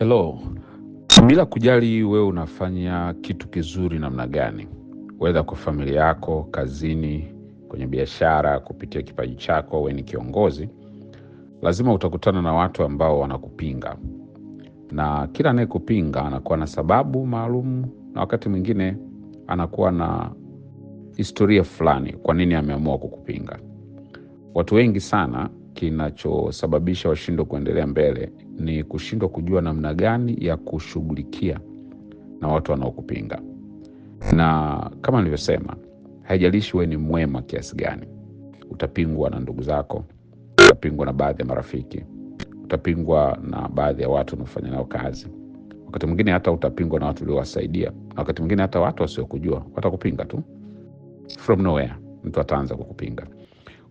Hello. Bila kujali wewe unafanya kitu kizuri namna gani, wedha kwa familia yako, kazini, kwenye biashara, kupitia kipaji chako, wewe ni kiongozi, lazima utakutana na watu ambao wanakupinga, na kila anayekupinga anakuwa na sababu maalum, na wakati mwingine anakuwa na historia fulani, kwa nini ameamua kukupinga. Watu wengi sana kinachosababisha washindo kuendelea mbele ni kushindwa kujua namna gani ya kushughulikia na watu wanaokupinga. Na kama nilivyosema, haijalishi wewe ni mwema kiasi gani, utapingwa na ndugu zako, utapingwa na baadhi ya marafiki, utapingwa na baadhi ya watu unaofanya nao kazi, wakati mwingine hata utapingwa na watu uliowasaidia, na wakati mwingine hata watu wasiokujua watakupinga tu from nowhere, mtu ataanza kukupinga.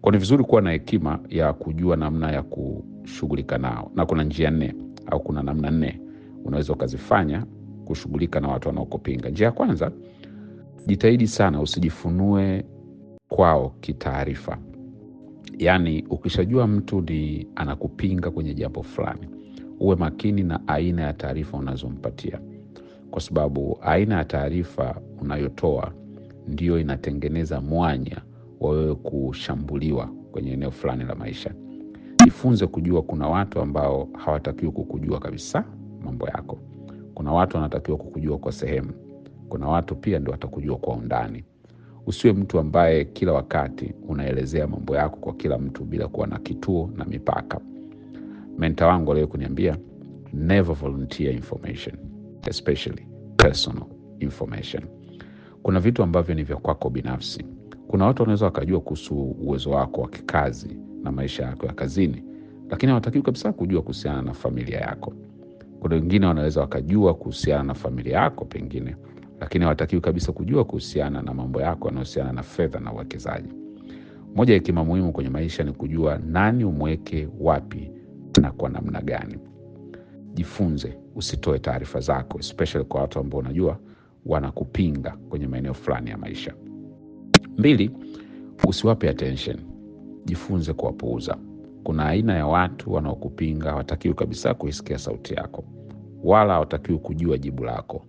Kwa ni vizuri kuwa na hekima ya kujua namna ya kushughulika nao, na kuna njia nne au kuna namna nne unaweza ukazifanya kushughulika na watu wanaokupinga. Njia ya kwanza, jitahidi sana usijifunue kwao kitaarifa. Yaani, ukishajua mtu ni anakupinga kwenye jambo fulani, uwe makini na aina ya taarifa unazompatia, kwa sababu aina ya taarifa unayotoa ndiyo inatengeneza mwanya wa wewe kushambuliwa kwenye eneo fulani la maisha. Jifunze kujua kuna watu ambao hawatakiwi kukujua kabisa mambo yako. Kuna watu wanatakiwa kukujua kwa sehemu, kuna watu pia ndio watakujua kwa undani. Usiwe mtu ambaye kila wakati unaelezea mambo yako kwa kila mtu bila kuwa na kituo na mipaka. Menta wangu aliwahi kuniambia never volunteer information especially personal information. Kuna vitu ambavyo ni vya kwako binafsi. Kuna watu wanaweza wakajua kuhusu uwezo wako wa kikazi na maisha yako ya kazini, lakini hawatakiwi kabisa kujua kuhusiana na familia yako. Kuna wengine wanaweza wakajua kuhusiana na familia yako pengine, lakini hawatakiwi kabisa kujua kuhusiana na mambo yako yanayohusiana na fedha na uwekezaji. Moja ya hekima muhimu kwenye maisha ni kujua nani umweke wapi na kwa namna gani. Jifunze, usitoe taarifa zako especially kwa watu ambao unajua wanakupinga kwenye maeneo fulani ya maisha. Mbili, usiwape attention, jifunze kuwapuuza. Kuna aina ya watu wanaokupinga, hawatakiwi kabisa kuisikia sauti yako wala hawatakiwi kujua jibu lako.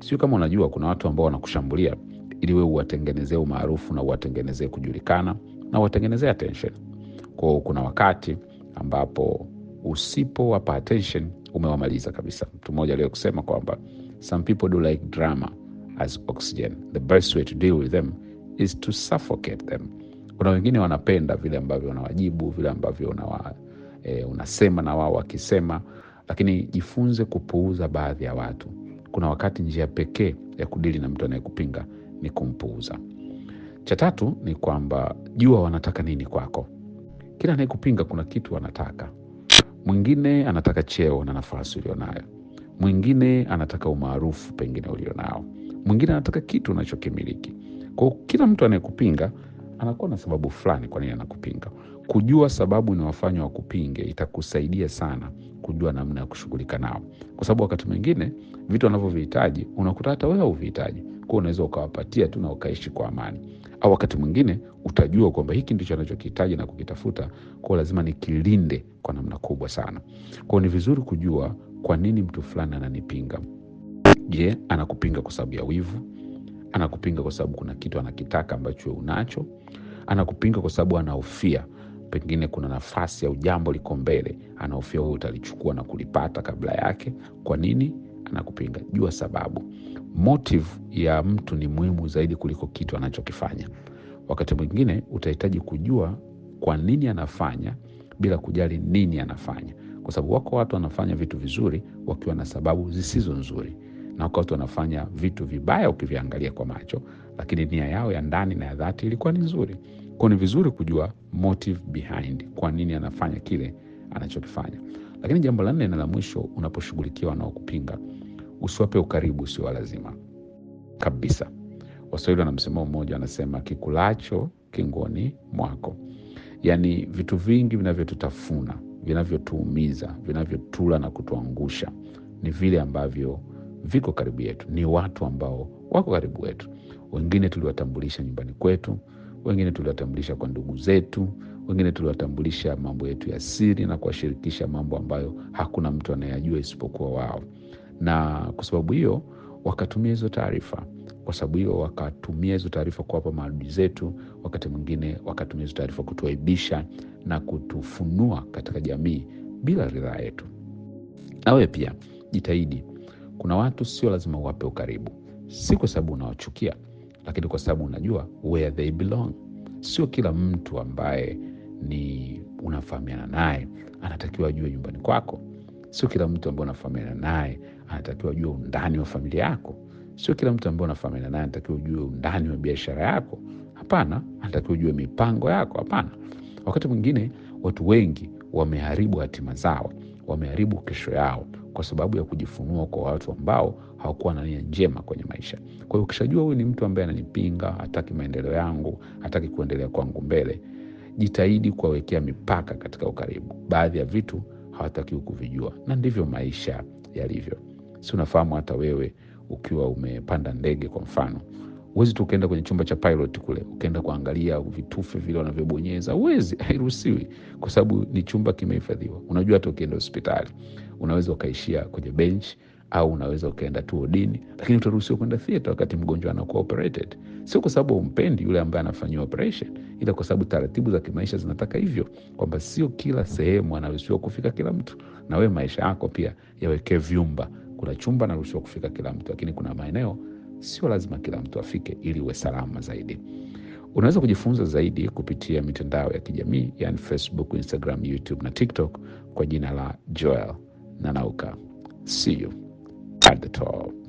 Sio kama unajua, kuna watu ambao wanakushambulia ili wewe uwatengenezee umaarufu na uwatengenezee kujulikana na uwatengenezee attention. kwao kuna wakati ambapo usipowapa attention umewamaliza kabisa. Mtu mmoja aliyo kusema kwamba some people do like drama as oxygen the best way to deal with them is to suffocate them. Kuna wengine wanapenda vile ambavyo unawajibu, vile ambavyo unawa, e, unasema na wao wakisema, lakini jifunze kupuuza baadhi ya watu. Kuna wakati njia pekee ya kudili na mtu anayekupinga ni kumpuuza. Cha tatu ni kwamba jua wanataka nini kwako. Kila anayekupinga kuna kitu wanataka Mwingine anataka cheo na nafasi ulionayo, mwingine anataka umaarufu pengine ulionao, mwingine anataka kitu unachokimiliki kwao kila mtu anayekupinga anakuwa na sababu fulani kwa nini anakupinga. Kujua sababu inawafanya wakupinge itakusaidia sana kujua namna ya kushughulika nao, kwa sababu wakati mwingine vitu wanavyovihitaji unakuta hata wewe uvihitaji kwao unaweza ukawapatia tu na ukaishi kwa amani. Au wakati mwingine utajua kwamba hiki ndicho anachokihitaji na kukitafuta, kwao lazima nikilinde kwa namna kubwa sana. kwao ni vizuri kujua kwa nini mtu fulani ananipinga. Je, anakupinga kwa sababu ya wivu? Anakupinga kwa sababu kuna kitu anakitaka ambacho unacho. Anakupinga kwa sababu anahofia pengine kuna nafasi au jambo liko mbele, anahofia wewe utalichukua na kulipata kabla yake. Kwa nini anakupinga? Jua sababu. Motive ya mtu ni muhimu zaidi kuliko kitu anachokifanya. Wakati mwingine utahitaji kujua kwa nini anafanya bila kujali nini anafanya, kwa sababu wako watu wanafanya vitu vizuri wakiwa na sababu zisizo nzuri na wakati wanafanya vitu vibaya ukiviangalia kwa macho, lakini nia yao ya ndani na ya dhati ilikuwa ni nzuri. Kwa ni vizuri kujua motive behind, kwa nini anafanya kile anachokifanya. Lakini jambo la nne na la mwisho, unaposhughulikia wanaokupinga usiwape ukaribu usio lazima kabisa. Waswahili wana msemo mmoja, wanasema kikulacho kingoni mwako. Yaani vitu vingi vinavyotutafuna, vinavyotuumiza, vinavyotula na kutuangusha ni vile ambavyo viko karibu yetu, ni watu ambao wako karibu wetu Wengine tuliwatambulisha nyumbani kwetu, wengine tuliwatambulisha kwa ndugu zetu, wengine tuliwatambulisha mambo yetu ya siri na kuwashirikisha mambo ambayo hakuna mtu anayajua isipokuwa wao, na kwa sababu hiyo wakatumia hizo taarifa kwa sababu hiyo wakatumia hizo taarifa kuwapa maadui zetu. Wakati mwingine wakatumia hizo taarifa kutuaibisha na kutufunua katika jamii bila ridhaa yetu. Nawe pia jitahidi kuna watu sio lazima uwape ukaribu, si kwa sababu unawachukia, lakini kwa sababu unajua where they belong. Sio kila mtu ambaye ni unafahamiana naye anatakiwa ajue nyumbani kwako. Sio kila mtu ambaye unafahamiana naye anatakiwa ajue undani wa familia yako. Sio kila mtu ambaye unafahamiana naye anatakiwa ujue undani wa biashara yako. Hapana, anatakiwa ujue mipango yako. Hapana. Wakati mwingine watu wengi wameharibu hatima zao, wameharibu kesho yao kwa sababu ya kujifunua kwa watu ambao hawakuwa na nia njema kwenye maisha. Kwa hiyo ukishajua huyu ni mtu ambaye ananipinga, hataki maendeleo yangu, hataki kuendelea kwangu mbele, jitahidi kuwawekea mipaka katika ukaribu. Baadhi ya vitu hawatakiwi kuvijua, na ndivyo maisha yalivyo. Si unafahamu hata wewe ukiwa umepanda ndege kwa mfano, uwezi tu ukaenda kwenye chumba cha pilot kule ukaenda kuangalia vitufe vile wanavyobonyeza. uwezi hairuhusiwi, kwa sababu ni chumba kimehifadhiwa. Unajua hata ukienda hospitali unaweza ukaishia kwenye bench au unaweza ukaenda tu odini, lakini utaruhusiwa kwenda theta wakati mgonjwa anakuwa operated. Sio kwa sababu umpendi yule ambaye anafanyiwa operation, ila kwa sababu taratibu za kimaisha zinataka hivyo, kwamba sio kila sehemu anaruhusiwa kufika kila mtu, na wewe maisha yako pia yawekee vyumba. Kuna chumba anaruhusiwa kufika kila mtu, lakini kuna maeneo sio lazima kila mtu afike ili uwe salama zaidi. Unaweza kujifunza zaidi kupitia mitandao ya kijamii, yani Facebook, Instagram, YouTube na TikTok kwa jina la Joel nanauka see you at the top